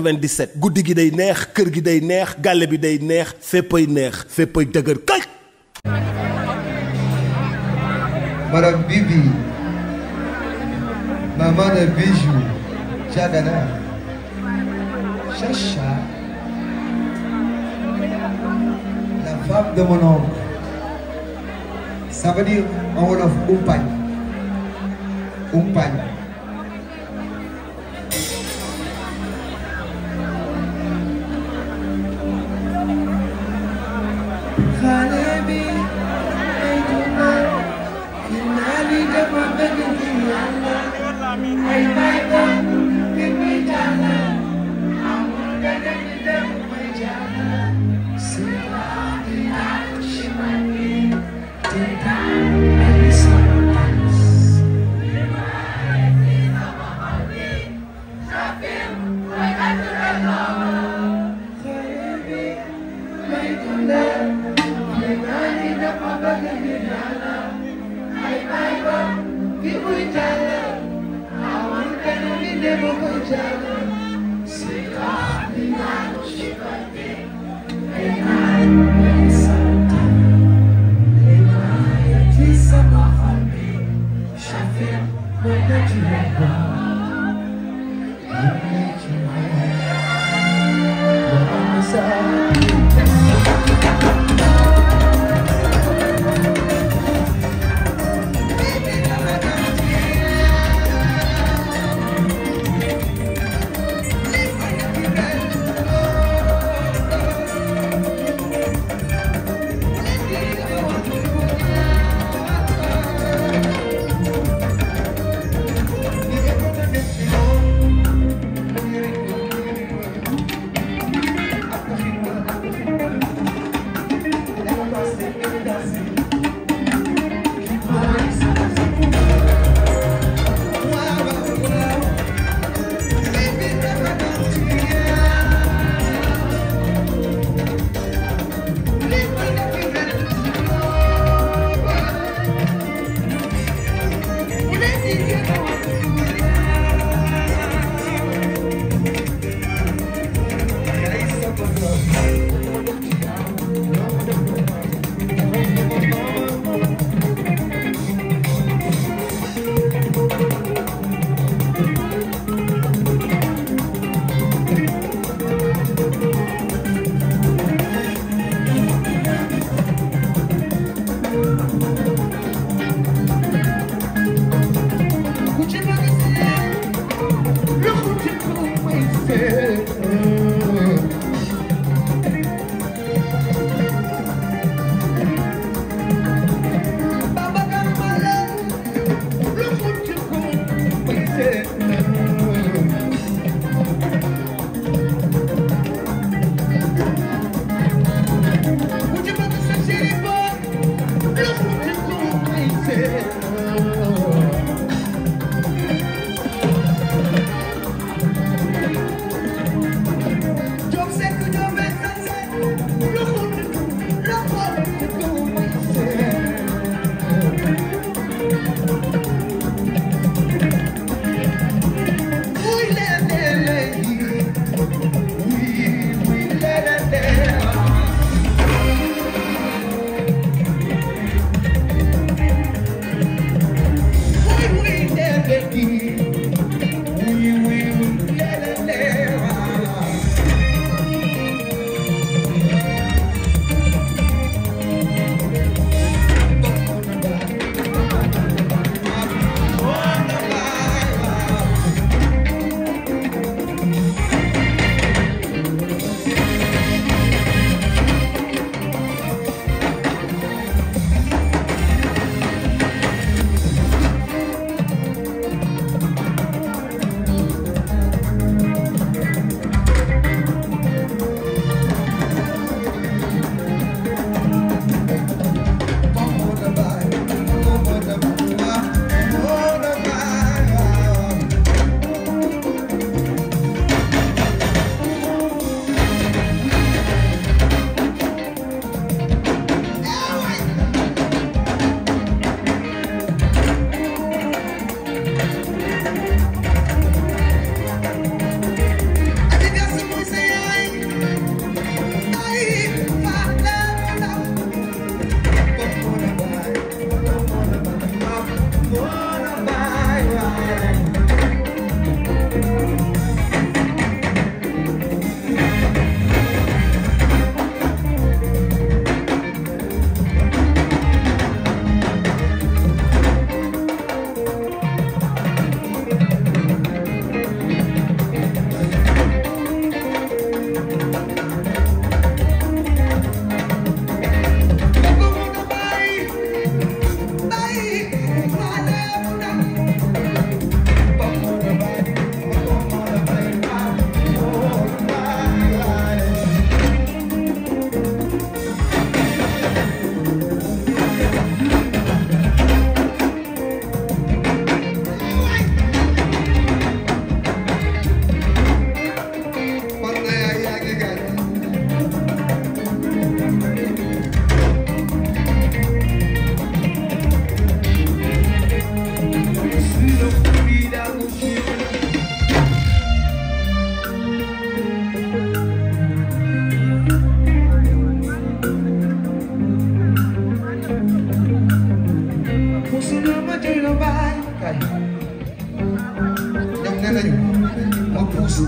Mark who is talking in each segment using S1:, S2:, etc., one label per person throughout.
S1: 97 guddi gi day neex kër gi day neex gàlle bi day neex féppay neex féppay dëgër kay madame Bibi maman de bijou Jagana Chacha la femme de mon oncle ça veut dire en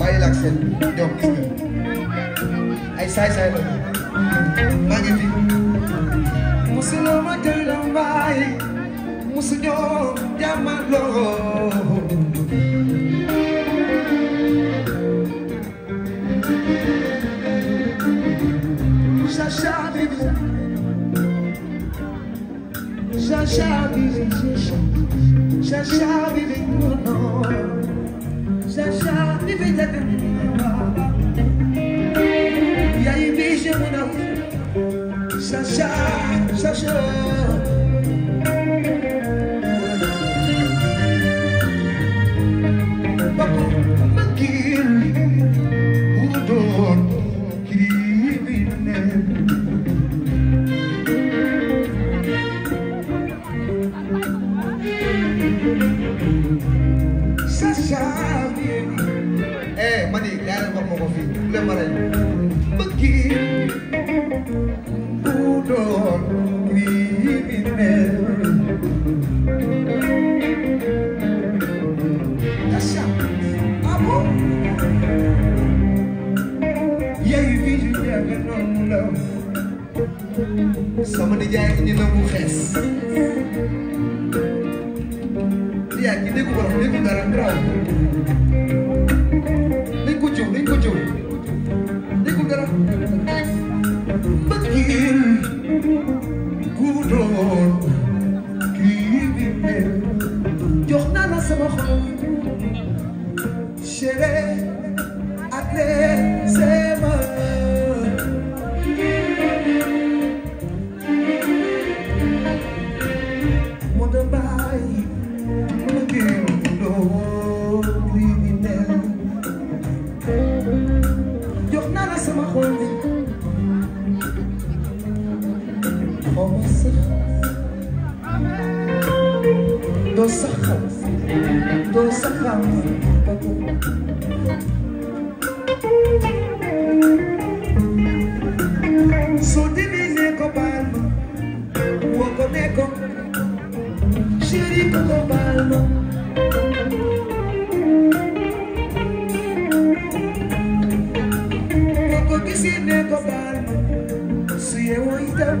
S1: bàyyi la ak seen ñoom gis nga ay saay-saay la maa ngi fi musuloo ma tëj la mbaay musu ñoo jàmmaloo Jachabili Jachabili Jachabili non non Sasha, me vem da caminho. E aí, beijamos na Sasha, Sasha. sama nijaay indi na mu xees yaa ngi dégg wala dégg dara doo sax doo ne ko baal woo ko ne ko chéri ko ko baal ko gisee ko su yeewoo itam